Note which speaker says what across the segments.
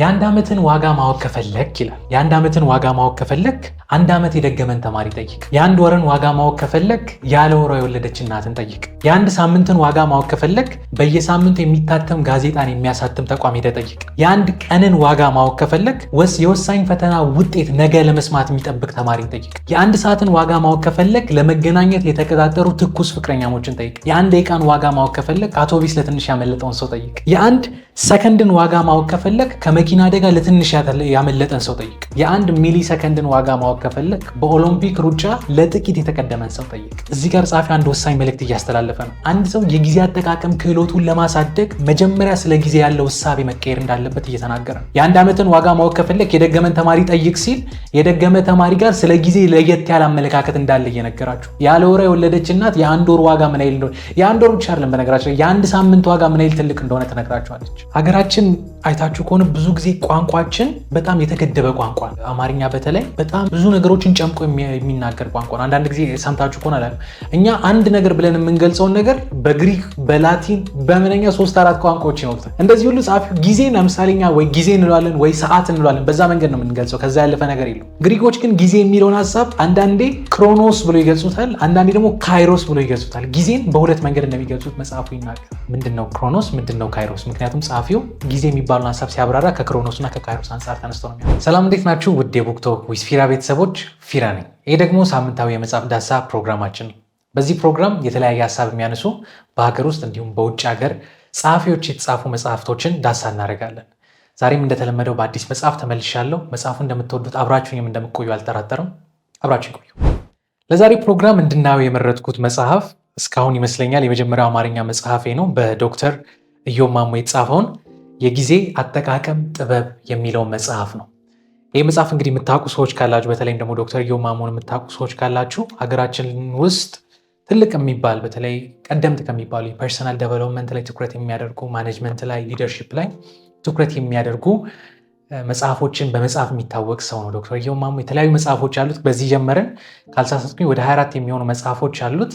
Speaker 1: የአንድ ዓመትን ዋጋ ማወቅ ከፈለክ ይላል። የአንድ ዓመትን ዋጋ ማወቅ ከፈለክ አንድ ዓመት የደገመን ተማሪ ጠይቅ። የአንድ ወርን ዋጋ ማወቅ ከፈለክ ያለ ወሯ የወለደች እናትን ጠይቅ። የአንድ ሳምንትን ዋጋ ማወቅ ከፈለክ በየሳምንቱ የሚታተም ጋዜጣን የሚያሳትም ተቋም ሄደ ጠይቅ። የአንድ ቀንን ዋጋ ማወቅ ከፈለክ ወስ የወሳኝ ፈተና ውጤት ነገ ለመስማት የሚጠብቅ ተማሪን ጠይቅ። የአንድ ሰዓትን ዋጋ ማወቅ ከፈለክ ለመገናኘት የተቀጣጠሩ ትኩስ ፍቅረኛሞችን ጠይቅ። የአንድ የቃን ዋጋ ማወቅ ከፈለክ አውቶቢስ ለትንሽ ያመለጠውን ሰው ጠይቅ። የአንድ ሰከንድን ዋጋ ማወቅ ከፈለክ ከመኪና አደጋ ለትንሽ ያመለጠን ሰው ጠይቅ። የአንድ ሚሊ ሰከንድን ዋጋ ማወቅ ከፈለግ በኦሎምፒክ ሩጫ ለጥቂት የተቀደመን ሰው ጠይቅ። እዚህ ጋር ጻፊ አንድ ወሳኝ መልእክት እያስተላለፈ ነው። አንድ ሰው የጊዜ አጠቃቀም ክህሎቱን ለማሳደግ መጀመሪያ ስለ ጊዜ ያለው እሳቤ መቀየር እንዳለበት እየተናገረ ነው። የአንድ ዓመትን ዋጋ ማወቅ ከፈለግ የደገመን ተማሪ ጠይቅ ሲል የደገመ ተማሪ ጋር ስለ ጊዜ ለየት ያለ አመለካከት እንዳለ እየነገራችሁ ያለ ወረ የወለደች እናት የአንድ ወር ዋጋ ምን ያህል እንደሆነ የአንድ ወር ብቻ አይደለም፣ በነገራችን የአንድ ሳምንት ዋጋ ምን ያህል ትልቅ እንደሆነ ትነግራችኋለች። ሀገራችን አይታችሁ ከሆነ ብዙ ጊዜ ቋንቋችን በጣም የተገደበ ቋንቋ፣ አማርኛ በተለይ በጣም ብዙ ነገሮችን ጨምቆ የሚናገር ቋንቋ ነው። አንዳንድ ጊዜ ሰምታችሁ ከሆነ አላውቅም፣ እኛ አንድ ነገር ብለን የምንገልጸውን ነገር በግሪክ በላቲን በምንኛ ሶስት አራት ቋንቋዎች ይኖሩታል። እንደዚህ ሁሉ ጸሐፊው ጊዜ ለምሳሌኛ ወይ ጊዜ እንለዋለን ወይ ሰዓት እንለዋለን። በዛ መንገድ ነው የምንገልጸው። ከዛ ያለፈ ነገር የለም። ግሪኮች ግን ጊዜ የሚለውን ሀሳብ አንዳንዴ ክሮኖስ ብሎ ይገልጹታል፣ አንዳንዴ ደግሞ ካይሮስ ብሎ ይገልጹታል። ጊዜን በሁለት መንገድ እንደሚገልጹት መጽሐፉ ይናገራል። ምንድነው ክሮኖስ? ምንድነው ካይሮስ? ምክንያቱም ጸሐፊው ጊዜ የሚባለውን ሀሳብ ሲያብራራ ከክሮኖስ እና ከካይሮስ አንጻር ተነስቶ ነው የሚሆነው። ሰላም እንዴት ናችሁ? ውድ የቡክቶ ዊዝ ፊራ ቤተሰቦች ፊራ ነኝ። ይህ ደግሞ ሳምንታዊ የመጽሐፍ ዳሳ ፕሮግራማችን ነው። በዚህ ፕሮግራም የተለያየ ሀሳብ የሚያነሱ በሀገር ውስጥ እንዲሁም በውጭ ሀገር ጸሐፊዎች የተጻፉ መጽሐፍቶችን ዳሳ እናደርጋለን። ዛሬም እንደተለመደው በአዲስ መጽሐፍ ተመልሻለሁ። መጽሐፉ እንደምትወዱት አብራችሁኝም እንደምቆዩ አልጠራጠርም። አብራችሁ ይቆዩ። ለዛሬ ፕሮግራም እንድናየው የመረጥኩት መጽሐፍ እስካሁን ይመስለኛል የመጀመሪያው አማርኛ መጽሐፌ ነው በዶክተር እዮብ ማሞ የተጻፈውን የጊዜ አጠቃቀም ጥበብ የሚለው መጽሐፍ ነው። ይህ መጽሐፍ እንግዲህ የምታውቁ ሰዎች ካላችሁ በተለይም ደግሞ ዶክተር ዮ ማሞን የምታውቁ ሰዎች ካላችሁ ሀገራችን ውስጥ ትልቅ የሚባል በተለይ ቀደምት ከሚባሉ የፐርሰናል ዴቨሎፕመንት ላይ ትኩረት የሚያደርጉ ማኔጅመንት ላይ ሊደርሺፕ ላይ ትኩረት የሚያደርጉ መጽሐፎችን በመጽሐፍ የሚታወቅ ሰው ነው ዶክተር ዮ ማሞ። የተለያዩ መጽሐፎች አሉት። በዚህ ጀመርን ካልሳሳትኩኝ ወደ 24 የሚሆኑ መጽሐፎች አሉት።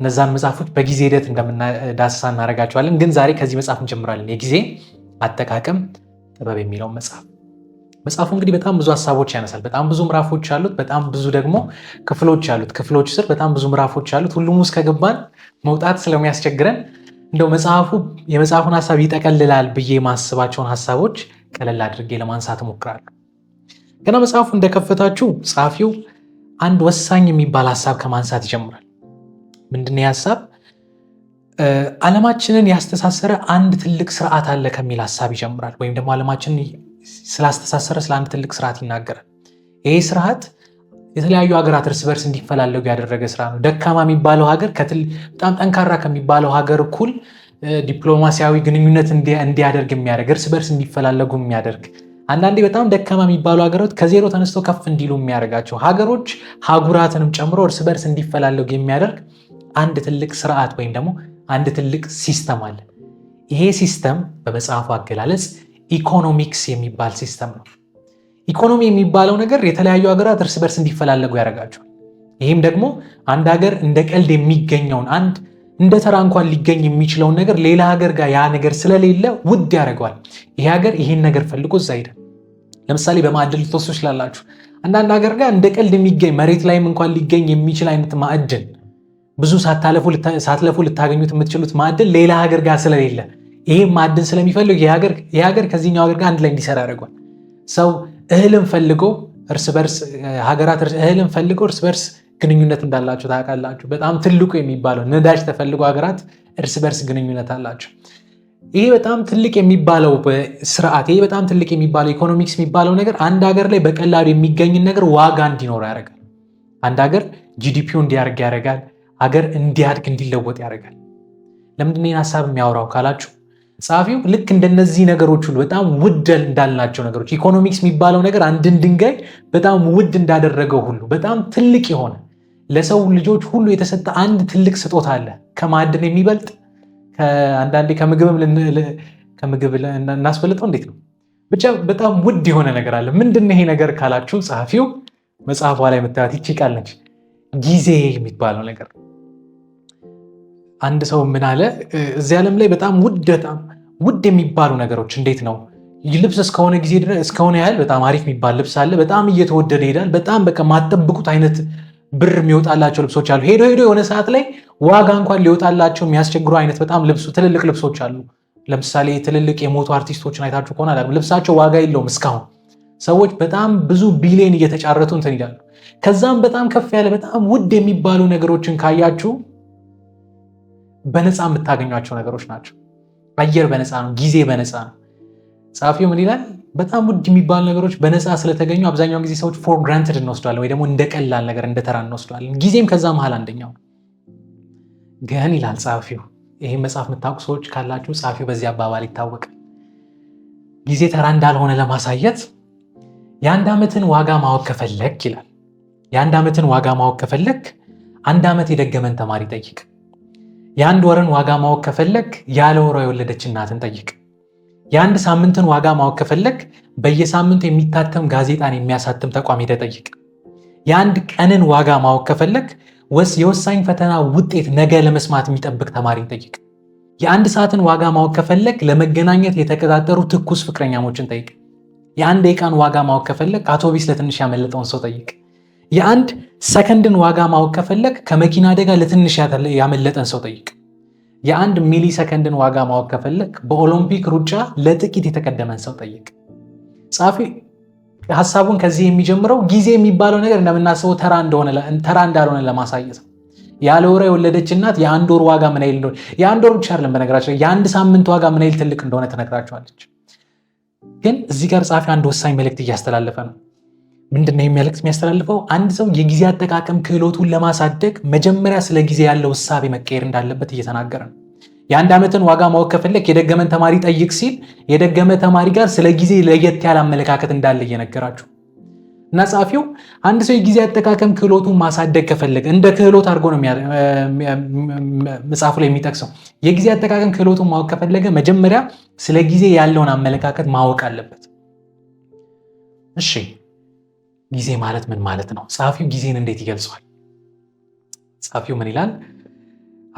Speaker 1: እነዛን መጽሐፎች በጊዜ ሂደት እንደምናዳስሳ እናደርጋቸዋለን። ግን ዛሬ ከዚህ መጽሐፍ እንጀምራለን የጊዜ አጠቃቀም ጥበብ የሚለውን መጽሐፍ መጽሐፉ እንግዲህ በጣም ብዙ ሀሳቦች ያነሳል። በጣም ብዙ ምዕራፎች አሉት። በጣም ብዙ ደግሞ ክፍሎች አሉት። ክፍሎች ስር በጣም ብዙ ምዕራፎች አሉት። ሁሉም ውስጥ ከገባን መውጣት ስለሚያስቸግረን እንደው መጽሐፉ የመጽሐፉን ሀሳብ ይጠቀልላል ብዬ የማስባቸውን ሀሳቦች ቀለል አድርጌ ለማንሳት እሞክራለሁ። ገና መጽሐፉ እንደከፈታችሁ ጸሐፊው አንድ ወሳኝ የሚባል ሀሳብ ከማንሳት ይጀምራል። ምንድን ሀሳብ ዓለማችንን ያስተሳሰረ አንድ ትልቅ ስርዓት አለ ከሚል ሀሳብ ይጀምራል። ወይም ደግሞ ዓለማችንን ስላስተሳሰረ ስለ አንድ ትልቅ ስርዓት ይናገራል። ይሄ ስርዓት የተለያዩ ሀገራት እርስ በርስ እንዲፈላለጉ ያደረገ ስራ ነው። ደካማ የሚባለው ሀገር በጣም ጠንካራ ከሚባለው ሀገር እኩል ዲፕሎማሲያዊ ግንኙነት እንዲያደርግ የሚያደርግ እርስ በርስ እንዲፈላለጉ የሚያደርግ አንዳንዴ በጣም ደካማ የሚባሉ ሀገሮች ከዜሮ ተነስተው ከፍ እንዲሉ የሚያደርጋቸው ሀገሮች ሀጉራትንም ጨምሮ እርስ በርስ እንዲፈላለጉ የሚያደርግ አንድ ትልቅ ስርዓት ወይም ደግሞ አንድ ትልቅ ሲስተም አለ። ይሄ ሲስተም በመጽሐፉ አገላለጽ ኢኮኖሚክስ የሚባል ሲስተም ነው። ኢኮኖሚ የሚባለው ነገር የተለያዩ ሀገራት እርስ በርስ እንዲፈላለጉ ያደርጋቸዋል። ይህም ደግሞ አንድ ሀገር እንደ ቀልድ የሚገኘውን አንድ እንደ ተራ እንኳን ሊገኝ የሚችለውን ነገር ሌላ ሀገር ጋር ያ ነገር ስለሌለ ውድ ያደርገዋል። ይሄ ሀገር ይህን ነገር ፈልጎ እዛ ሄደ። ለምሳሌ በማዕድን ልትወስዱ ይችላላችሁ። አንዳንድ ሀገር ጋር እንደ ቀልድ የሚገኝ መሬት ላይም እንኳን ሊገኝ የሚችል አይነት ማዕድን ብዙ ሳትለፉ ልታገኙት የምትችሉት ማዕድን ሌላ ሀገር ጋር ስለሌለ ይህ ማዕድን ስለሚፈልግ ይህ ሀገር ከዚህኛው ሀገር ጋር አንድ ላይ እንዲሰራ ያደርጓል። ሰው እህልም ፈልጎ እርስ በርስ ሀገራት እህልም ፈልጎ እርስ በርስ ግንኙነት እንዳላቸው ታውቃላችሁ። በጣም ትልቁ የሚባለው ነዳጅ ተፈልጎ ሀገራት እርስ በርስ ግንኙነት አላቸው። ይሄ በጣም ትልቅ የሚባለው ስርዓት ይሄ በጣም ትልቅ የሚባለው ኢኮኖሚክስ የሚባለው ነገር አንድ ሀገር ላይ በቀላሉ የሚገኝን ነገር ዋጋ እንዲኖረው ያደርጋል። አንድ ሀገር ጂዲፒው እንዲያደርግ ያደርጋል። ሀገር እንዲያድግ እንዲለወጥ ያደርጋል። ለምንድን ሀሳብ የሚያወራው ካላችሁ ጸሐፊው ልክ እንደነዚህ ነገሮች ሁሉ በጣም ውድ እንዳልናቸው ነገሮች ኢኮኖሚክስ የሚባለው ነገር አንድን ድንጋይ በጣም ውድ እንዳደረገው ሁሉ በጣም ትልቅ የሆነ ለሰው ልጆች ሁሉ የተሰጠ አንድ ትልቅ ስጦታ አለ፣ ከማዕድን የሚበልጥ አንዳንዴ ከምግብም ከምግብ እናስበልጠው እንዴት ነው ብቻ በጣም ውድ የሆነ ነገር አለ። ምንድን ይሄ ነገር ካላችሁ ጸሐፊው መጽሐፏ ላይ የምታዩት ይቺ ቃል ነች፣ ጊዜ የሚባለው ነገር አንድ ሰው ምን አለ፣ እዚህ ዓለም ላይ በጣም ውድ በጣም ውድ የሚባሉ ነገሮች እንዴት ነው ልብስ እስከሆነ ጊዜ እስከሆነ ያህል በጣም አሪፍ የሚባል ልብስ አለ፣ በጣም እየተወደደ ይሄዳል። በጣም በቃ ማጠብቁት አይነት ብር የሚወጣላቸው ልብሶች አሉ። ሄዶ ሄዶ የሆነ ሰዓት ላይ ዋጋ እንኳን ሊወጣላቸው የሚያስቸግሩ አይነት በጣም ልብሱ ትልልቅ ልብሶች አሉ። ለምሳሌ ትልልቅ የሞቱ አርቲስቶችን አይታችሁ ከሆነ አላውቅም፣ ልብሳቸው ዋጋ የለውም እስካሁን። ሰዎች በጣም ብዙ ቢሊየን እየተጫረቱ እንትን ይላሉ። ከዛም በጣም ከፍ ያለ በጣም ውድ የሚባሉ ነገሮችን ካያችሁ በነፃ የምታገኟቸው ነገሮች ናቸው። አየር በነፃ ነው። ጊዜ በነፃ ነው። ጸሐፊው ምን ይላል? በጣም ውድ የሚባሉ ነገሮች በነፃ ስለተገኙ አብዛኛውን ጊዜ ሰዎች ፎር ግራንትድ እንወስዷለን፣ ወይ ደግሞ እንደ ቀላል ነገር እንደ ተራ እንወስዷለን። ጊዜም ከዛ መሀል አንደኛው ግን ይላል ጸሐፊው። ይህ መጽሐፍ የምታውቁ ሰዎች ካላችሁ ጸሐፊው በዚህ አባባል ይታወቃል። ጊዜ ተራ እንዳልሆነ ለማሳየት የአንድ ዓመትን ዋጋ ማወቅ ከፈለክ ይላል የአንድ ዓመትን ዋጋ ማወቅ ከፈለክ አንድ ዓመት የደገመን ተማሪ ጠይቅ። የአንድ ወርን ዋጋ ማወቅ ከፈለግ ያለ ወሯ የወለደች እናትን ጠይቅ። የአንድ ሳምንትን ዋጋ ማወቅ ከፈለግ በየሳምንቱ የሚታተም ጋዜጣን የሚያሳትም ተቋም ሄደህ ጠይቅ። የአንድ ቀንን ዋጋ ማወቅ ከፈለግ ወስ የወሳኝ ፈተና ውጤት ነገ ለመስማት የሚጠብቅ ተማሪን ጠይቅ። የአንድ ሰዓትን ዋጋ ማወቅ ከፈለግ ለመገናኘት የተቀጣጠሩ ትኩስ ፍቅረኛሞችን ጠይቅ። የአንድ ደቂቃን ዋጋ ማወቅ ከፈለግ አውቶቢስ ለትንሽ ያመለጠውን ሰው ጠይቅ። የአንድ ሰከንድን ዋጋ ማወቅ ከፈለግ ከመኪና አደጋ ለትንሽ ያመለጠን ሰው ጠይቅ። የአንድ ሚሊ ሰከንድን ዋጋ ማወቅ ከፈለግ በኦሎምፒክ ሩጫ ለጥቂት የተቀደመን ሰው ጠይቅ። ጻፊ ሀሳቡን ከዚህ የሚጀምረው ጊዜ የሚባለው ነገር እንደምናስበው ተራ እንዳልሆነ ለማሳየት ያለ ወረ የወለደች እናት የአንድ ወር ዋጋ ምን ይል የአንድ ወር ብቻ አይደለም፣ በነገራችን የአንድ ሳምንት ዋጋ ምን ይል ትልቅ እንደሆነ ትነግራቸዋለች። ግን እዚህ ጋር ጻፊ አንድ ወሳኝ መልእክት እያስተላለፈ ነው። ምንድነው የሚያለቅስ የሚያስተላልፈው? አንድ ሰው የጊዜ አጠቃቀም ክህሎቱን ለማሳደግ መጀመሪያ ስለ ጊዜ ያለው እሳቤ መቀየር እንዳለበት እየተናገረ ነው። የአንድ ዓመትን ዋጋ ማወቅ ከፈለግ የደገመን ተማሪ ጠይቅ ሲል የደገመ ተማሪ ጋር ስለ ጊዜ ለየት ያለ አመለካከት እንዳለ እየነገራችሁ እና ጸሐፊው አንድ ሰው የጊዜ አጠቃቀም ክህሎቱን ማሳደግ ከፈለገ እንደ ክህሎት አድርጎ ነው መጽሐፉ ላይ የሚጠቅሰው። የጊዜ አጠቃቀም ክህሎቱን ማወቅ ከፈለገ መጀመሪያ ስለ ጊዜ ያለውን አመለካከት ማወቅ አለበት። እሺ ጊዜ ማለት ምን ማለት ነው? ጸሐፊው ጊዜን እንዴት ይገልጸዋል? ጸሐፊው ምን ይላል?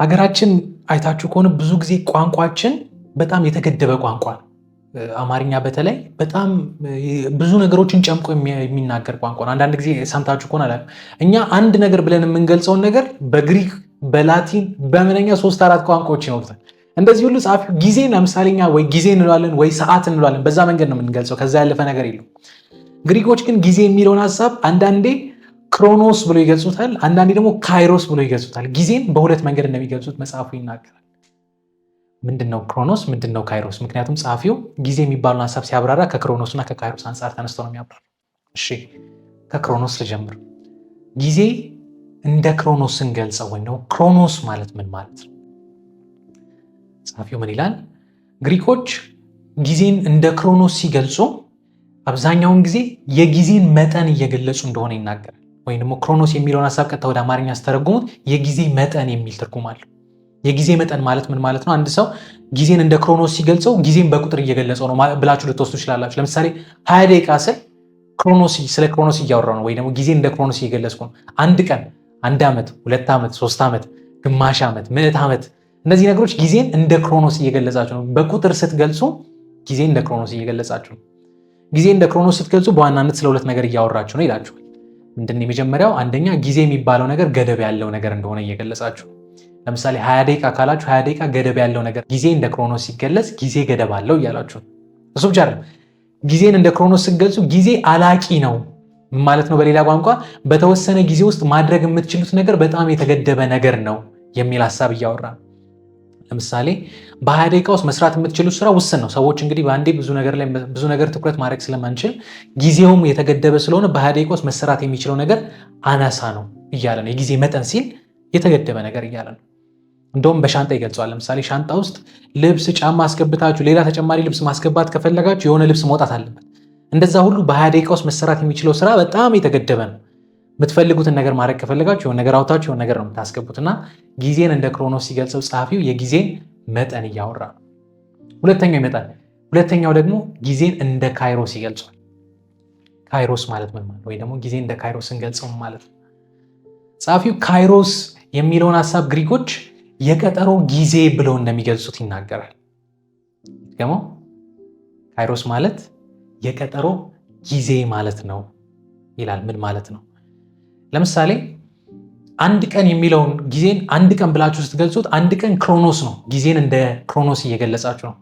Speaker 1: ሀገራችን አይታችሁ ከሆነ ብዙ ጊዜ ቋንቋችን በጣም የተገደበ ቋንቋ ነው። አማርኛ በተለይ በጣም ብዙ ነገሮችን ጨምቆ የሚናገር ቋንቋ ነው። አንዳንድ ጊዜ ሰምታችሁ ከሆነ አላ እኛ አንድ ነገር ብለን የምንገልጸውን ነገር በግሪክ በላቲን በምንኛ ሶስት አራት ቋንቋዎች ይኖሩታል። እንደዚህ ሁሉ ጸሐፊው ጊዜን ለምሳሌ ወይ ጊዜ እንለዋለን ወይ ሰዓት እንለዋለን። በዛ መንገድ ነው የምንገልጸው። ከዛ ያለፈ ነገር የለው። ግሪኮች ግን ጊዜ የሚለውን ሀሳብ አንዳንዴ ክሮኖስ ብሎ ይገልጹታል፣ አንዳንዴ ደግሞ ካይሮስ ብሎ ይገልጹታል። ጊዜን በሁለት መንገድ እንደሚገልጹት መጽሐፉ ይናገራል። ምንድን ነው ክሮኖስ? ምንድን ነው ካይሮስ? ምክንያቱም ጸሐፊው ጊዜ የሚባለውን ሀሳብ ሲያብራራ ከክሮኖስ እና ከካይሮስ አንጻር ተነስቶ ነው የሚያብራራ። እሺ ከክሮኖስ ልጀምር። ጊዜ እንደ ክሮኖስ ስንገልጸው ወይም ደግሞ ክሮኖስ ማለት ምን ማለት ነው? ጸሐፊው ምን ይላል? ግሪኮች ጊዜን እንደ ክሮኖስ ሲገልጹ አብዛኛውን ጊዜ የጊዜን መጠን እየገለጹ እንደሆነ ይናገራል። ወይም ደግሞ ክሮኖስ የሚለውን ሀሳብ ቀጥታ ወደ አማርኛ ስተረጉሙት የጊዜ መጠን የሚል ትርጉም አለው። የጊዜ መጠን ማለት ምን ማለት ነው? አንድ ሰው ጊዜን እንደ ክሮኖስ ሲገልጸው ጊዜን በቁጥር እየገለጸው ነው ብላችሁ ልትወስዱ ይችላላችሁ። ለምሳሌ ሀያ ደቂቃ ስል ክሮኖስ ስለ ክሮኖስ እያወራው ነው፣ ወይ ደግሞ ጊዜን እንደ ክሮኖስ እየገለጽኩ ነው። አንድ ቀን፣ አንድ ዓመት፣ ሁለት ዓመት፣ ሶስት ዓመት፣ ግማሽ ዓመት፣ ምዕት ዓመት፣ እነዚህ ነገሮች ጊዜን እንደ ክሮኖስ እየገለጻችሁ ነው። በቁጥር ስትገልጹ ጊዜን እንደ ክሮኖስ እየገለጻችሁ ነው። ጊዜ እንደ ክሮኖስ ስትገልጹ በዋናነት ስለ ሁለት ነገር እያወራችሁ ነው ይላችሁ። ምንድን የመጀመሪያው? አንደኛ ጊዜ የሚባለው ነገር ገደብ ያለው ነገር እንደሆነ እየገለጻችሁ ለምሳሌ ሀያ ደቂቃ ካላችሁ ሀያ ደቂቃ ገደብ ያለው ነገር ጊዜ እንደ ክሮኖስ ሲገለጽ ጊዜ ገደብ አለው እያላችሁ እሱ ብቻ አይደለም። ጊዜን እንደ ክሮኖስ ስትገልጹ ጊዜ አላቂ ነው ማለት ነው። በሌላ ቋንቋ በተወሰነ ጊዜ ውስጥ ማድረግ የምትችሉት ነገር በጣም የተገደበ ነገር ነው የሚል ሀሳብ እያወራ ነው። ለምሳሌ በሀያ ደቂቃ ውስጥ መስራት የምትችሉ ስራ ውስን ነው። ሰዎች እንግዲህ በአንዴ ብዙ ነገር ላይ ብዙ ነገር ትኩረት ማድረግ ስለማንችል ጊዜውም የተገደበ ስለሆነ በሀያ ደቂቃ ውስጥ መሰራት የሚችለው ነገር አናሳ ነው እያለ ነው። የጊዜ መጠን ሲል የተገደበ ነገር እያለ ነው። እንደውም በሻንጣ ይገልጸዋል። ለምሳሌ ሻንጣ ውስጥ ልብስ፣ ጫማ አስገብታችሁ ሌላ ተጨማሪ ልብስ ማስገባት ከፈለጋችሁ የሆነ ልብስ መውጣት አለበት። እንደዛ ሁሉ በሀያ ደቂቃ ውስጥ መሰራት የሚችለው ስራ በጣም የተገደበ ነው። የምትፈልጉትን ነገር ማድረግ ከፈለጋችሁ የሆነ ነገር አውታችሁ የሆነ ነገር ነው የምታስገቡት እና ጊዜን እንደ ክሮኖስ ሲገልጸው ጸሐፊው የጊዜን መጠን እያወራ ነው። ሁለተኛው ይመጣል። ሁለተኛው ደግሞ ጊዜን እንደ ካይሮስ ይገልጿል። ካይሮስ ማለት ምን ማለት ወይ ደግሞ ጊዜ እንደ ካይሮስ እንገልጸው ማለት ነው። ጸሐፊው ካይሮስ የሚለውን ሀሳብ ግሪኮች የቀጠሮ ጊዜ ብለው እንደሚገልጹት ይናገራል። ደግሞ ካይሮስ ማለት የቀጠሮ ጊዜ ማለት ነው ይላል። ምን ማለት ነው? ለምሳሌ አንድ ቀን የሚለውን ጊዜን አንድ ቀን ብላችሁ ስትገልጹት አንድ ቀን ክሮኖስ ነው። ጊዜን እንደ ክሮኖስ እየገለጻችሁ ነው።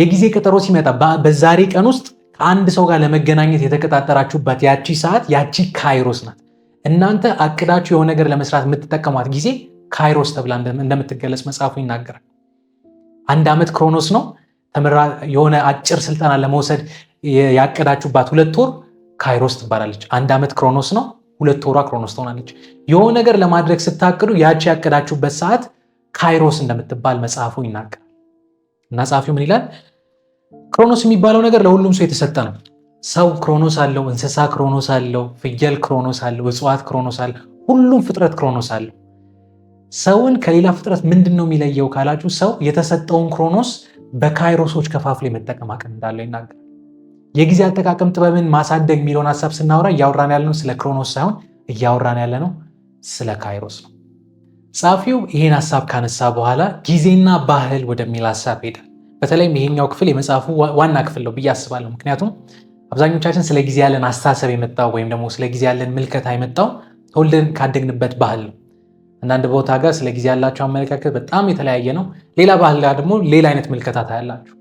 Speaker 1: የጊዜ ቀጠሮ ሲመጣ በዛሬ ቀን ውስጥ ከአንድ ሰው ጋር ለመገናኘት የተቀጣጠራችሁባት ያቺ ሰዓት ያቺ ካይሮስ ናት። እናንተ አቅዳችሁ የሆነ ነገር ለመስራት የምትጠቀሟት ጊዜ ካይሮስ ተብላ እንደምትገለጽ መጽሐፉ ይናገራል። አንድ ዓመት ክሮኖስ ነው። የሆነ አጭር ስልጠና ለመውሰድ ያቀዳችሁባት ሁለት ወር ካይሮስ ትባላለች። አንድ ዓመት ክሮኖስ ነው። ሁለት ወሯ ክሮኖስ ትሆናለች። የሆነ ነገር ለማድረግ ስታቅዱ ያቺ ያቀዳችሁበት ሰዓት ካይሮስ እንደምትባል መጽሐፉ ይናገራል። እና ጸሐፊው ምን ይላል? ክሮኖስ የሚባለው ነገር ለሁሉም ሰው የተሰጠ ነው። ሰው ክሮኖስ አለው፣ እንስሳ ክሮኖስ አለው፣ ፍየል ክሮኖስ አለው፣ እጽዋት ክሮኖስ አለ ሁሉም ፍጥረት ክሮኖስ አለው። ሰውን ከሌላ ፍጥረት ምንድን ነው የሚለየው ካላችሁ ሰው የተሰጠውን ክሮኖስ በካይሮሶች ከፋፍሎ የመጠቀም አቅም እንዳለው ይናገራል። የጊዜ አጠቃቀም ጥበብን ማሳደግ የሚለውን ሀሳብ ስናወራ እያወራን ያለነው ስለ ክሮኖስ ሳይሆን እያወራን ያለነው ስለ ካይሮስ ነው። ጸሐፊው ይህን ሀሳብ ካነሳ በኋላ ጊዜና ባህል ወደሚል ሀሳብ ሄደ። በተለይም ይሄኛው ክፍል የመጽሐፉ ዋና ክፍል ነው ብዬ አስባለሁ። ምክንያቱም አብዛኞቻችን ስለ ጊዜ ያለን አስተሳሰብ የመጣው ወይም ደግሞ ስለ ጊዜ ያለን ምልከታ የመጣው ተወልደን ካደግንበት ባህል ነው። አንዳንድ ቦታ ጋር ስለ ጊዜ ያላቸው አመለካከት በጣም የተለያየ ነው። ሌላ ባህል ጋር ደግሞ ሌላ አይነት ምልከታ ታያላችሁ።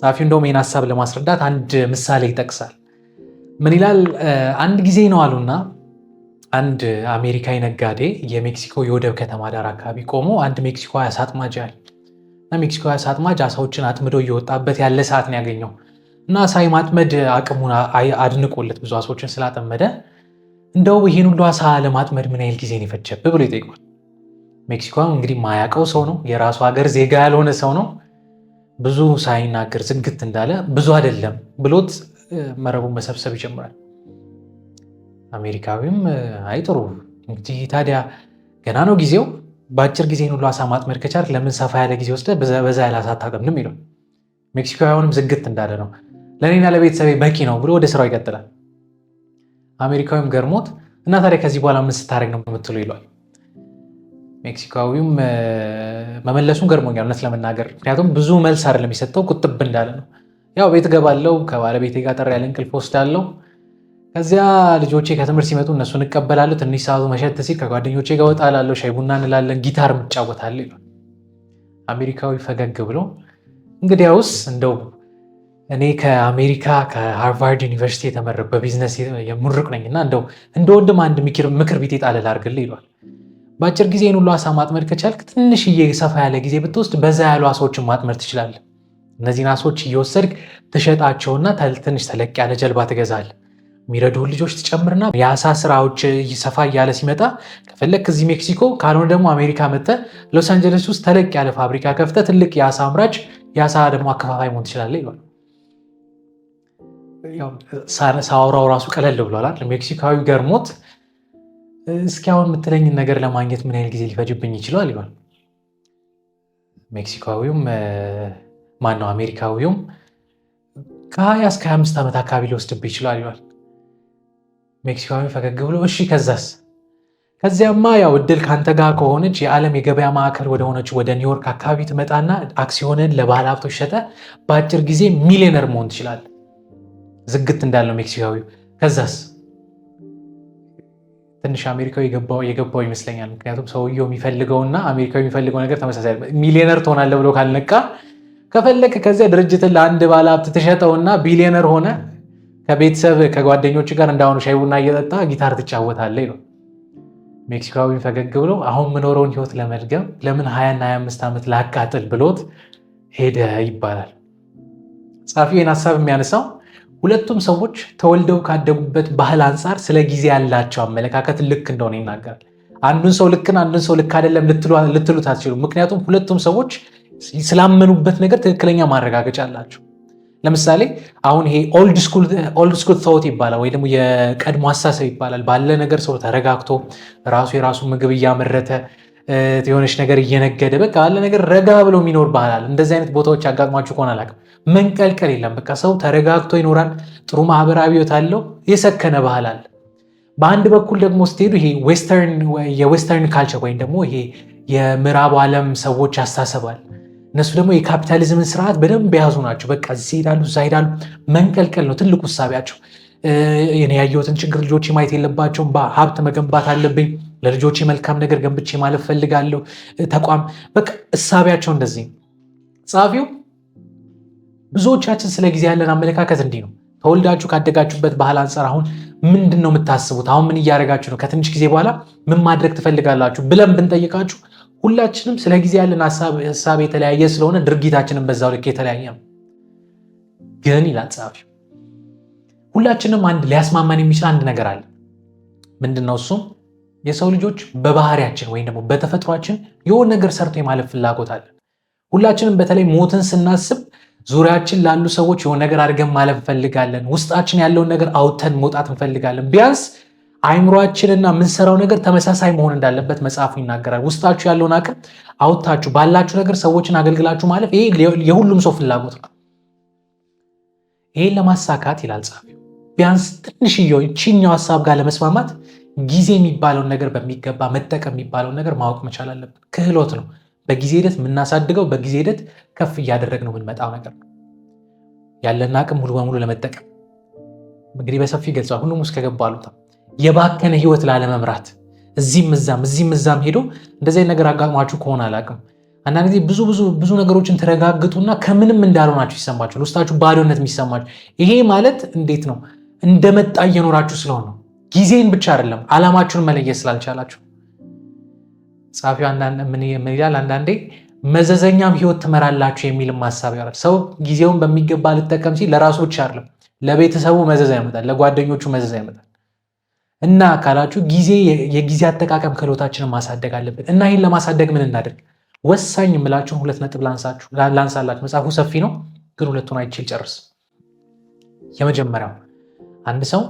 Speaker 1: ጸሐፊው እንደውም ይህን ሀሳብ ለማስረዳት አንድ ምሳሌ ይጠቅሳል። ምን ይላል? አንድ ጊዜ ነው አሉና አንድ አሜሪካዊ ነጋዴ የሜክሲኮ የወደብ ከተማ ዳር አካባቢ ቆሞ አንድ ሜክሲኮዊ አሳ አጥማጅ አለ እና ሜክሲኮ አሳ አጥማጅ አሳዎችን አጥምዶ እየወጣበት ያለ ሰዓት ነው ያገኘው እና አሳ የማጥመድ አቅሙን አድንቆለት ብዙ አሳዎችን ስላጠመደ እንደው ይህን ሁሉ አሳ ለማጥመድ ምን ያህል ጊዜን የፈጀብህ ብሎ ይጠይቋል። ሜክሲኮ እንግዲህ ማያውቀው ሰው ነው፣ የራሱ ሀገር ዜጋ ያልሆነ ሰው ነው። ብዙ ሳይናገር ዝግት እንዳለ ብዙ አይደለም ብሎት መረቡን መሰብሰብ ይጀምራል። አሜሪካዊም አይጥሩ ጥሩ እንግዲህ ታዲያ ገና ነው ጊዜው፣ በአጭር ጊዜን ሁሉ አሳ ማጥመድ ከቻል ለምን ሰፋ ያለ ጊዜ ወስደ በዛ ያለ አሳ አታጠምድም? ይለው ሜክሲኮውያኑም ዝግት እንዳለ ነው ለእኔና ለቤተሰቤ በቂ ነው ብሎ ወደ ስራው ይቀጥላል። አሜሪካዊም ገርሞት እና ታዲያ ከዚህ በኋላ ምን ስታደርግ ነው የምትሉ ይለዋል። ሜክሲካዊውም መመለሱን ገርሞኛል እውነት ለመናገር ምክንያቱም ብዙ መልስ አይደለም የሚሰጠው ቁጥብ እንዳለ ነው። ያው ቤት ገባለው ከባለቤቴ ጋር ጠር ያለ እንቅልፍ ወስዳለው። ከዚያ ልጆቼ ከትምህርት ሲመጡ እነሱን እቀበላለሁ። ትንሽ ሰዓቱ መሸት ሲል ከጓደኞቼ ጋር ወጣ ላለው ሻይ ቡና እንላለን፣ ጊታር ምጫወታለ ይላል አሜሪካዊ ፈገግ ብሎ። እንግዲያውስ እንደው እኔ ከአሜሪካ ከሃርቫርድ ዩኒቨርሲቲ የተመረኩ በቢዝነስ የምሩቅ ነኝና እንደው እንደ ወንድም አንድ ምክር ቤት የጣለ ላድርግልህ ይሏል። በአጭር ጊዜ ይህን ሁሉ አሳ ማጥመድ ከቻልክ ትንሽዬ ሰፋ ያለ ጊዜ ብትወስድ በዛ ያሉ አሳዎችን ማጥመድ ትችላለህ። እነዚህን አሳዎች እየወሰድክ ትሸጣቸውና ትንሽ ተለቅ ያለ ጀልባ ትገዛለህ። የሚረዱህን ልጆች ትጨምርና የአሳ ስራዎች ሰፋ እያለ ሲመጣ ከፈለግ እዚህ ሜክሲኮ፣ ካልሆነ ደግሞ አሜሪካ መጥተህ ሎስ አንጀለስ ውስጥ ተለቅ ያለ ፋብሪካ ከፍተህ ትልቅ የአሳ አምራች፣ የአሳ ደግሞ አከፋፋይ መሆን ትችላለህ ይሏል። ሳውራው ራሱ ቀለል ብሏል። ሜክሲካዊ ገርሞት እስኪ አሁን የምትለኝን ነገር ለማግኘት ምን ያህል ጊዜ ሊፈጅብኝ ይችላል ይሆን? ሜክሲካዊውም ማነው አሜሪካዊውም ከሀያ እስከ ሀያ አምስት ዓመት አካባቢ ሊወስድብህ ይችላል ይሆን? ሜክሲካዊ ፈገግ ብሎ እሺ ከዛስ? ከዚያማ ያው እድል ከአንተ ጋር ከሆነች የዓለም የገበያ ማዕከል ወደ ሆነች ወደ ኒውዮርክ አካባቢ ትመጣና አክሲዮንን ለባለ ሀብቶች ሸጠ በአጭር ጊዜ ሚሊዮነር መሆን ትችላለህ። ዝግት እንዳለው ሜክሲካዊው ከዛስ? ትንሽ አሜሪካዊ የገባው ይመስለኛል። ምክንያቱም ሰውየው የሚፈልገውና አሜሪካዊ የሚፈልገው ነገር ተመሳሳይ ሚሊዮነር ትሆናለ ብሎ ካልነቃ ከፈለክ ከዚያ ድርጅትን ለአንድ ባለ ሀብት ትሸጠውና ቢሊዮነር ሆነ ከቤተሰብ ከጓደኞች ጋር እንዳሁኑ ሻይ ቡና እየጠጣ ጊታር ትጫወታለ ይ ሜክሲካዊ ፈገግ ብሎ አሁን የምኖረውን ህይወት ለመድገም ለምን 20ና 25 ዓመት ላቃጥል ብሎት ሄደ ይባላል። ጸሐፊ ይህን ሀሳብ የሚያነሳው ሁለቱም ሰዎች ተወልደው ካደጉበት ባህል አንጻር ስለ ጊዜ ያላቸው አመለካከት ልክ እንደሆነ ይናገራል። አንዱን ሰው ልክን አንዱን ሰው ልክ አይደለም ልትሉት አትችሉ። ምክንያቱም ሁለቱም ሰዎች ስላመኑበት ነገር ትክክለኛ ማረጋገጫ አላቸው። ለምሳሌ አሁን ይሄ ኦልድ ስኩል ታውት ይባላል፣ ወይ ደግሞ የቀድሞ አሳሰብ ይባላል። ባለ ነገር ሰው ተረጋግቶ ራሱ የራሱ ምግብ እያመረተ የሆነች ነገር እየነገደ በቃ አለ ነገር ረጋ ብሎ የሚኖር ባህል አለ። እንደዚህ አይነት ቦታዎች አጋጥሟችሁ ከሆነ አላውቅም። መንቀልቀል የለም። በቃ ሰው ተረጋግቶ ይኖራል። ጥሩ ማህበራዊ ሕይወት አለው። የሰከነ ባህል አለ። በአንድ በኩል ደግሞ ስትሄዱ ይሄ የዌስተርን ካልቸር ወይም ደግሞ ይሄ የምዕራብ ዓለም ሰዎች ያሳሰባል። እነሱ ደግሞ የካፒታሊዝምን ስርዓት በደንብ የያዙ ናቸው። በቃ እዚህ ሄዳሉ፣ እዛ ሄዳሉ። መንቀልቀል ነው ትልቁ እሳቢያቸው። ያየሁትን ችግር ልጆች ማየት የለባቸውም፣ ሀብት መገንባት አለብኝ ለልጆቼ መልካም ነገር ገንብቼ ማለፍ ፈልጋለሁ። ተቋም በቃ እሳቢያቸው እንደዚህ ጸሐፊው ብዙዎቻችን ስለ ጊዜ ያለን አመለካከት እንዲህ ነው። ተወልዳችሁ ካደጋችሁበት ባህል አንጻር አሁን ምንድን ነው የምታስቡት? አሁን ምን እያደረጋችሁ ነው? ከትንሽ ጊዜ በኋላ ምን ማድረግ ትፈልጋላችሁ ብለን ብንጠይቃችሁ ሁላችንም ስለ ጊዜ ያለን ሀሳብ የተለያየ ስለሆነ ድርጊታችንም በዛው ልክ የተለያየ ነው። ግን ይላል ጸሐፊው ሁላችንም አንድ ሊያስማማን የሚችል አንድ ነገር አለ። ምንድን ነው እሱም? የሰው ልጆች በባህሪያችን ወይም ደግሞ በተፈጥሯችን የሆነ ነገር ሰርቶ የማለፍ ፍላጎት አለን። ሁላችንም በተለይ ሞትን ስናስብ ዙሪያችን ላሉ ሰዎች የሆነ ነገር አድርገን ማለፍ እንፈልጋለን። ውስጣችን ያለውን ነገር አውጥተን መውጣት እንፈልጋለን። ቢያንስ አይምሯችንና የምንሰራው ነገር ተመሳሳይ መሆን እንዳለበት መጽሐፉ ይናገራል። ውስጣችሁ ያለውን አቅም አውጥታችሁ ባላችሁ ነገር ሰዎችን አገልግላችሁ ማለፍ ይሄ የሁሉም ሰው ፍላጎት ነው። ይሄን ለማሳካት ይላል ጸሐፊው ቢያንስ ትንሽ ይህችኛው ሀሳብ ጋር ለመስማማት ጊዜ የሚባለውን ነገር በሚገባ መጠቀም የሚባለውን ነገር ማወቅ መቻል አለብን። ክህሎት ነው። በጊዜ ሂደት የምናሳድገው በጊዜ ሂደት ከፍ እያደረግነው የምንመጣው ነገር ነው። ያለን አቅም ሙሉ በሙሉ ለመጠቀም እንግዲህ በሰፊ ገልጿል። ሁሉም ውስጥ ከገባ አሉታ የባከነ ህይወት ላለመምራት እዚህም እዛም እዚህም እዛም ሄዶ እንደዚህ ነገር አጋጥሟችሁ ከሆነ አላቅም አንዳንድ ጊዜ ብዙ ብዙ ብዙ ነገሮችን ተረጋግጡና ከምንም እንዳልሆናችሁ ይሰማችኋል። ውስጣችሁ ባዶነት የሚሰማችሁ ይሄ ማለት እንዴት ነው? እንደመጣ እየኖራችሁ ስለሆነ ነው። ጊዜን ብቻ አይደለም ዓላማችሁን መለየት ስላልቻላችሁ። ጸሐፊው ምን ይላል? አንዳንዴ መዘዘኛም ህይወት ትመራላችሁ የሚልም ሀሳብ ያወራል። ሰው ጊዜውን በሚገባ ልጠቀም ሲል ለራሱ ብቻ አይደለም፣ ለቤተሰቡ መዘዛ ያመጣል፣ ለጓደኞቹ መዘዛ ያመጣል። እና ካላችሁ ጊዜ የጊዜ አጠቃቀም ክህሎታችንን ማሳደግ አለብን። እና ይህን ለማሳደግ ምን እናደርግ? ወሳኝ የምላችሁን ሁለት ነጥብ ላንሳላችሁ። መጽሐፉ ሰፊ ነው፣ ግን ሁለቱን አይችል ጨርስ። የመጀመሪያው አንድ ሰው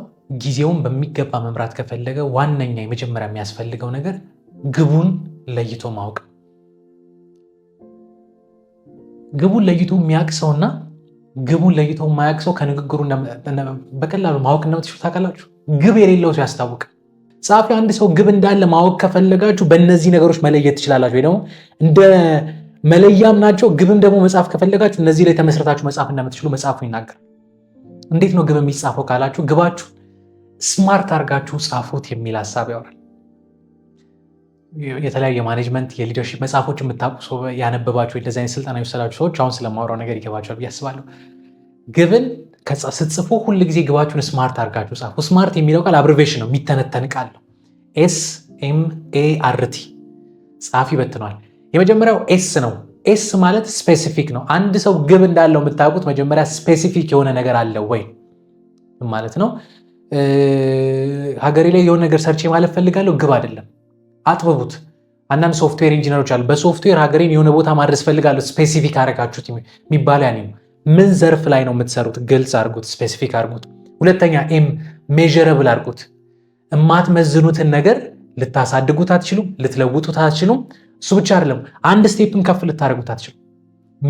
Speaker 1: ጊዜውን በሚገባ መምራት ከፈለገ ዋነኛ የመጀመሪያ የሚያስፈልገው ነገር ግቡን ለይቶ ማወቅ። ግቡን ለይቶ የሚያውቅ ሰውና ግቡን ለይቶ የማያውቅ ሰው ከንግግሩ በቀላሉ ማወቅ እንደምትችሉ ታውቃላችሁ። ግብ የሌለው ሰው ያስታውቅ። ጸሐፊ አንድ ሰው ግብ እንዳለ ማወቅ ከፈለጋችሁ በእነዚህ ነገሮች መለየት ትችላላችሁ። ወይ ደግሞ እንደ መለያም ናቸው። ግብም ደግሞ መጽሐፍ ከፈለጋችሁ እነዚህ ላይ ተመስረታችሁ መጽሐፍ እንደምትችሉ መጽሐፉ ይናገራል። እንዴት ነው ግብ የሚጻፈው ካላችሁ ግባችሁ ስማርት አድርጋችሁ ጻፉት የሚል ሀሳብ ያወራል። የተለያዩ የማኔጅመንት የሊደርሺፕ መጽሐፎች የምታውቁ ሰው ያነበባችሁ እንደዚህ አይነት ስልጠና የወሰዳችሁ ሰዎች አሁን ስለማውራው ነገር ይገባቸዋል ብዬ አስባለሁ። ግብን ስትጽፉ ሁል ጊዜ ግባችሁን ስማርት አድርጋችሁ ጻፉ። ስማርት የሚለው ቃል አብሪቬሽን ነው፣ የሚተነተን ቃል ነው። ኤስ ኤም ኤ አር ቲ በትኗል። የመጀመሪያው ኤስ ነው። ኤስ ማለት ስፔሲፊክ ነው። አንድ ሰው ግብ እንዳለው የምታውቁት መጀመሪያ ስፔሲፊክ የሆነ ነገር አለው ወይ ማለት ነው። ሀገሬ ላይ የሆነ ነገር ሰርቼ ማለት ፈልጋለሁ ግብ አይደለም። አጥብቡት። አንዳንድ ሶፍትዌር ኢንጂነሮች አሉ። በሶፍትዌር ሀገሬን የሆነ ቦታ ማድረስ ፈልጋለሁ ስፔሲፊክ አረጋችሁት የሚባል ያኔ ነው። ምን ዘርፍ ላይ ነው የምትሰሩት? ግልጽ አርጉት፣ ስፔሲፊክ አርጉት። ሁለተኛ ኤም ሜዥረብል አርጉት። እማትመዝኑትን ነገር ልታሳድጉት አትችሉም፣ ልትለውጡት አትችሉም። እሱ ብቻ አይደለም፣ አንድ ስቴፕም ከፍ ልታደርጉት አትችሉም።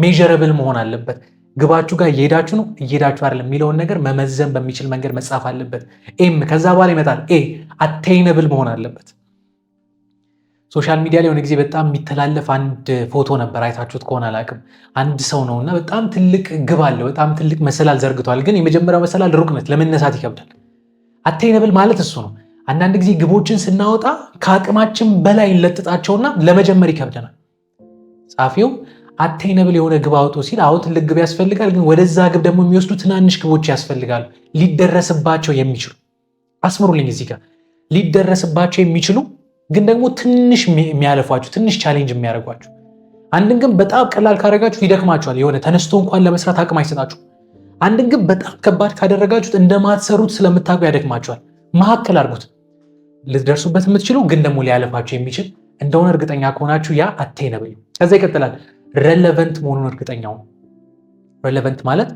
Speaker 1: ሜዥረብል መሆን አለበት። ግባችሁ ጋር እየሄዳችሁ ነው እየሄዳችሁ አይደለም የሚለውን ነገር መመዘን በሚችል መንገድ መጻፍ አለበት። ኤም ከዛ በኋላ ይመጣል። ኤ አቴይነብል መሆን አለበት። ሶሻል ሚዲያ ላይ የሆነ ጊዜ በጣም የሚተላለፍ አንድ ፎቶ ነበር፣ አይታችሁት ከሆነ አላቅም። አንድ ሰው ነው እና በጣም ትልቅ ግብ አለው፣ በጣም ትልቅ መሰላል ዘርግቷል። ግን የመጀመሪያው መሰላል ሩቅ ለመነሳት ይከብዳል። አቴይነብል ማለት እሱ ነው። አንዳንድ ጊዜ ግቦችን ስናወጣ ከአቅማችን በላይ ለጥጣቸውና ለመጀመር ይከብደናል። ጻፊው አቴነብል የሆነ ግብ አውጡ ሲል አውት ልግብ ያስፈልጋል። ግን ወደዛ ግብ ደግሞ የሚወስዱ ትናንሽ ግቦች ያስፈልጋሉ። ሊደረስባቸው የሚችሉ አስምሩልኝ፣ እዚህ ጋር ሊደረስባቸው የሚችሉ ግን ደግሞ ትንሽ የሚያለፏችሁ ትንሽ ቻሌንጅ የሚያደርጓችሁ። አንድን ግን በጣም ቀላል ካደረጋችሁ ይደክማቸዋል የሆነ ተነስቶ እንኳን ለመስራት አቅም አይሰጣችሁ። አንድን ግን በጣም ከባድ ካደረጋችሁት እንደማትሰሩት ስለምታውቁ ያደክማችኋል። መካከል አድርጉት። ልትደርሱበት የምትችሉ ግን ደግሞ ሊያለፋችሁ የሚችል እንደሆነ እርግጠኛ ከሆናችሁ ያ አቴነበዩ ከዛ ይቀጥላል። ረለቨንት መሆኑን እርግጠኛው ነው። ማለት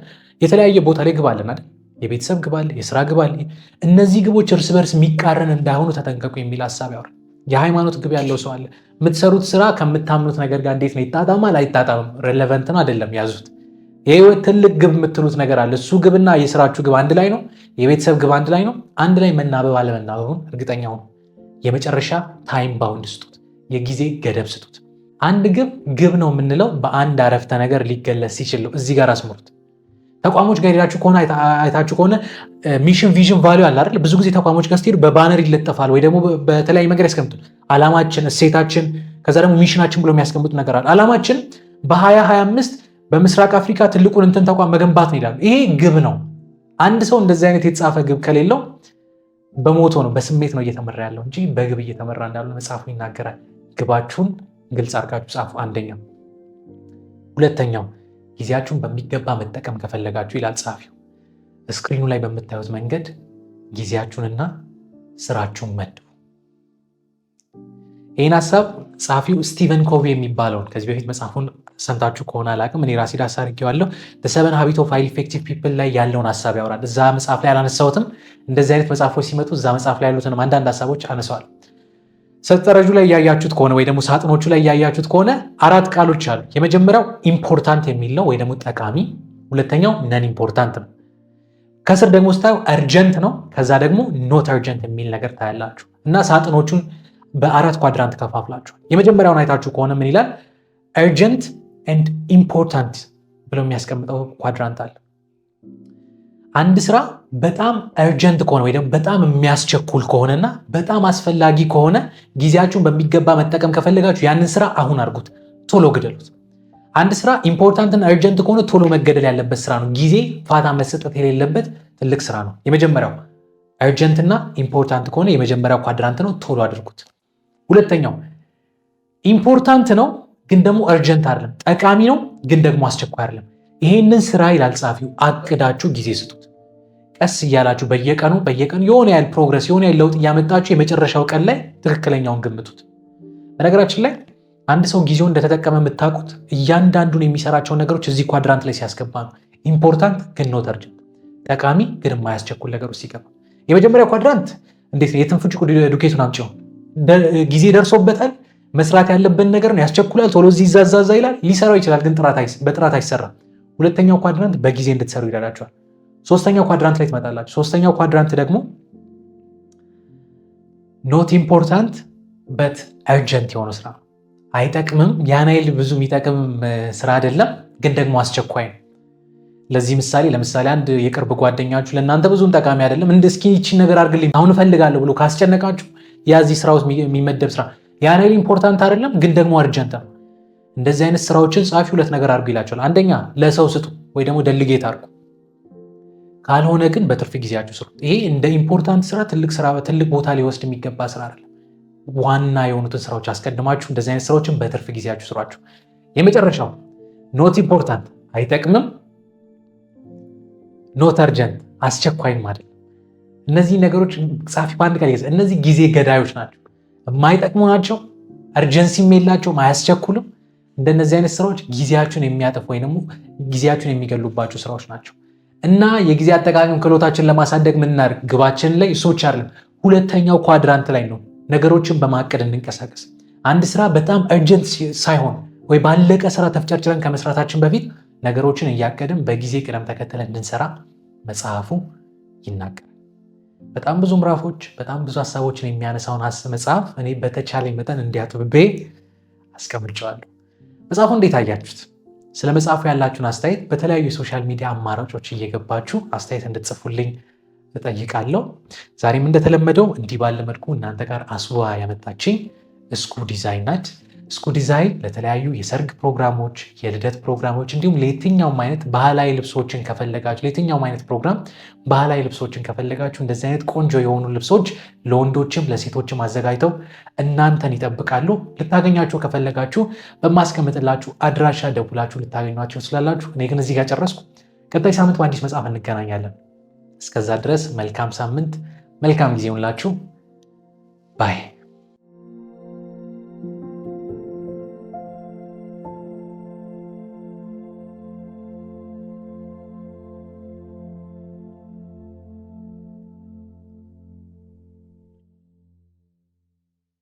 Speaker 1: የተለያየ ቦታ ላይ ግብ አለን አይደል? የቤተሰብ ግባል የስራ ግባል እነዚህ ግቦች እርስ በርስ የሚቃረን እንዳይሆኑ ተጠንቀቁ የሚል ሀሳብ ያወር የሃይማኖት ግብ ያለው ሰው አለ። የምትሰሩት ስራ ከምታምኑት ነገር ጋር እንዴት ነው ይጣጣማል አይጣጣምም? ሬለቨንት ነው አይደለም? ያዙት። የህይወት ትልቅ ግብ የምትሉት ነገር አለ። እሱ ግብና የስራችሁ ግብ አንድ ላይ ነው። የቤተሰብ ግብ አንድ ላይ ነው። አንድ ላይ መናበብ አለመናበቡን እርግጠኛ የመጨረሻ ታይም ባውንድ ስጡት፣ የጊዜ ገደብ ስጡት። አንድ ግብ ግብ ነው የምንለው በአንድ አረፍተ ነገር ሊገለጽ ሲችል ነው። እዚህ ጋር አስምሩት። ተቋሞች ጋር ሄዳችሁ ከሆነ አይታችሁ ከሆነ ሚሽን ቪዥን ቫሊዩ አለ አይደል? ብዙ ጊዜ ተቋሞች ጋር ስትሄዱ በባነር ይለጠፋል ወይ ደግሞ በተለያዩ መንገድ ያስቀምጡት አላማችን፣ እሴታችን፣ ከዛ ደግሞ ሚሽናችን ብሎ የሚያስቀምጡት ነገር አለ። አላማችን በ2025 በምስራቅ አፍሪካ ትልቁን እንትን ተቋም መገንባት ነው ይላሉ። ይሄ ግብ ነው። አንድ ሰው እንደዚህ አይነት የተጻፈ ግብ ከሌለው በሞቶ ነው በስሜት ነው እየተመራ ያለው እንጂ በግብ እየተመራ እንዳሉ መጽሐፉ ይናገራል። ግባችሁን ግልጽ አድርጋችሁ ጻፉ። አንደኛው። ሁለተኛው ጊዜያችሁን በሚገባ መጠቀም ከፈለጋችሁ ይላል ጻፊው፣ ስክሪኑ ላይ በምታዩት መንገድ ጊዜያችሁንና ስራችሁን መድቡ። ይህን ሀሳብ ጸሐፊው ስቲቨን ኮቪ የሚባለውን ከዚህ በፊት መጽሐፉን ሰምታችሁ ከሆነ አላቅም፣ እኔ ራሴ ዳስ አድርጌዋለሁ። ሰቨን ሀቢት ኦፍ ሃይሊ ኢፌክቲቭ ፒፕል ላይ ያለውን ሀሳብ ያወራል። እዛ መጽሐፍ ላይ አላነሳሁትም። እንደዚህ አይነት መጽሐፎች ሲመጡ እዛ መጽሐፍ ላይ ያሉትንም አንዳንድ ሀሳቦች አነሰዋል። ሰጠረጁ ላይ እያያችሁት ከሆነ ወይ ደግሞ ሳጥኖቹ ላይ እያያችሁት ከሆነ አራት ቃሎች አሉ። የመጀመሪያው ኢምፖርታንት የሚል ነው ወይ ደግሞ ጠቃሚ፣ ሁለተኛው ነን ኢምፖርታንት ነው። ከስር ደግሞ ስታዩ እርጀንት ነው፣ ከዛ ደግሞ ኖት እርጀንት የሚል ነገር ታያላችሁ። እና ሳጥኖቹን በአራት ኳድራንት ከፋፍላችኋል። የመጀመሪያውን አይታችሁ ከሆነ ምን ይላል? እርጀንት ኤንድ ኢምፖርታንት ብሎ የሚያስቀምጠው ኳድራንት አለ። አንድ ስራ በጣም እርጀንት ከሆነ ወይ ደግሞ በጣም የሚያስቸኩል ከሆነና በጣም አስፈላጊ ከሆነ ጊዜያችሁን በሚገባ መጠቀም ከፈለጋችሁ ያንን ስራ አሁን አድርጉት፣ ቶሎ ግደሉት። አንድ ስራ ኢምፖርታንትና እርጀንት ከሆነ ቶሎ መገደል ያለበት ስራ ነው። ጊዜ ፋታ መሰጠት የሌለበት ትልቅ ስራ ነው። የመጀመሪያው እርጀንትና ኢምፖርታንት ከሆነ የመጀመሪያው ኳድራንት ነው፣ ቶሎ አድርጉት። ሁለተኛው ኢምፖርታንት ነው ግን ደግሞ እርጀንት አይደለም፣ ጠቃሚ ነው ግን ደግሞ አስቸኳይ አይደለም። ይሄንን ስራ ይላል ጻፊው፣ አቅዳችሁ ጊዜ ስጡ። ቀስ እያላችሁ በየቀኑ በየቀኑ የሆነ ያህል ፕሮግረስ የሆነ ያህል ለውጥ እያመጣችሁ የመጨረሻው ቀን ላይ ትክክለኛውን ግምቱት በነገራችን ላይ አንድ ሰው ጊዜው እንደተጠቀመ የምታውቁት እያንዳንዱን የሚሰራቸውን ነገሮች እዚህ ኳድራንት ላይ ሲያስገባ ነው። ኢምፖርታንት ግን ኖት አርጀንት፣ ጠቃሚ ግን የማያስቸኩል ነገሮች ሲገባ የመጀመሪያ ኳድራንት እንዴት ነው? የትንፍጭ ዱቄቱን አምጪው። ጊዜ ደርሶበታል። መስራት ያለብን ነገር ነው። ያስቸኩላል። ቶሎ እዚህ ይዛዛዛ ይላል። ሊሰራው ይችላል፣ ግን በጥራት አይሰራም። ሁለተኛው ኳድራንት በጊዜ እንድትሰሩ ይረዳቸዋል። ሶስተኛው ኳድራንት ላይ ትመጣላችሁ። ሶስተኛው ኳድራንት ደግሞ ኖት ኢምፖርታንት በት አርጀንት የሆነ ስራ አይጠቅምም፣ ያን ያህል ብዙ የሚጠቅም ስራ አይደለም፣ ግን ደግሞ አስቸኳይ ነው። ለዚህ ምሳሌ ለምሳሌ አንድ የቅርብ ጓደኛችሁ ለእናንተ ብዙም ጠቃሚ አይደለም፣ እንደ እስኪ ይቺን ነገር አድርግልኝ አሁን እፈልጋለሁ ብሎ ካስጨነቃችሁ ያዚህ ስራ ውስጥ የሚመደብ ስራ ያን ያህል ኢምፖርታንት አይደለም፣ ግን ደግሞ አርጀንት ነው። እንደዚህ አይነት ስራዎችን ጻፊ ሁለት ነገር አድርጉ ይላቸዋል። አንደኛ ለሰው ስጡ ወይ ደግሞ ደልጌት አድርጉ ካልሆነ ግን በትርፍ ጊዜያችሁ ስሩ ይሄ እንደ ኢምፖርታንት ስራ ትልቅ ስራ ትልቅ ቦታ ሊወስድ የሚገባ ስራ አይደለም። ዋና የሆኑትን ስራዎች አስቀድማችሁ እንደዚህ አይነት ስራዎችን በትርፍ ጊዜያችሁ ስሯችሁ የመጨረሻው ኖት ኢምፖርታንት አይጠቅምም፣ ኖት አርጀንት አስቸኳይም አይደለም። እነዚህ ነገሮች ጻፊ በአንድ ቃል እነዚህ ጊዜ ገዳዮች ናቸው። የማይጠቅሙ ናቸው፣ አርጀንሲም የላቸውም፣ አያስቸኩልም። እንደነዚህ አይነት ስራዎች ጊዜያችሁን የሚያጠፉ ወይ ደግሞ ጊዜያችሁን የሚገሉባቸው ስራዎች ናቸው። እና የጊዜ አጠቃቀም ክህሎታችን ለማሳደግ የምናደርግ ግባችን ላይ እሱ ብቻ አይደለም፣ ሁለተኛው ኳድራንት ላይ ነው። ነገሮችን በማቀድ እንንቀሳቀስ። አንድ ስራ በጣም እርጀንት ሳይሆን ወይ ባለቀ ስራ ተፍጨርጭረን ከመስራታችን በፊት ነገሮችን እያቀድን በጊዜ ቅደም ተከተለ እንድንሰራ መጽሐፉ ይናገራል። በጣም ብዙ ምዕራፎች፣ በጣም ብዙ ሀሳቦችን የሚያነሳውን መጽሐፍ እኔ በተቻለኝ መጠን እንዲያጥብቤ አስቀምጨዋለሁ። መጽሐፉ እንዴት አያችሁት? ስለ መጽሐፉ ያላችሁን አስተያየት በተለያዩ የሶሻል ሚዲያ አማራጮች እየገባችሁ አስተያየት እንድትጽፉልኝ እጠይቃለሁ። ዛሬም እንደተለመደው እንዲህ ባለ መልኩ እናንተ ጋር አስዋ ያመጣችኝ እስኩ ዲዛይን ናት። ስኩ ዲዛይን ለተለያዩ የሰርግ ፕሮግራሞች፣ የልደት ፕሮግራሞች እንዲሁም ለየትኛውም አይነት ባህላዊ ልብሶችን ከፈለጋችሁ ለየትኛውም አይነት ፕሮግራም ባህላዊ ልብሶችን ከፈለጋችሁ እንደዚህ አይነት ቆንጆ የሆኑ ልብሶች ለወንዶችም ለሴቶችም አዘጋጅተው እናንተን ይጠብቃሉ። ልታገኛቸው ከፈለጋችሁ በማስቀምጥላችሁ አድራሻ ደውላችሁ ልታገኟቸው ስላላችሁ። እኔ ግን እዚህ ጋር ጨረስኩ። ቀጣይ ሳምንት በአዲስ መጽሐፍ እንገናኛለን። እስከዛ ድረስ መልካም ሳምንት፣ መልካም ጊዜ ይሁንላችሁ። ባይ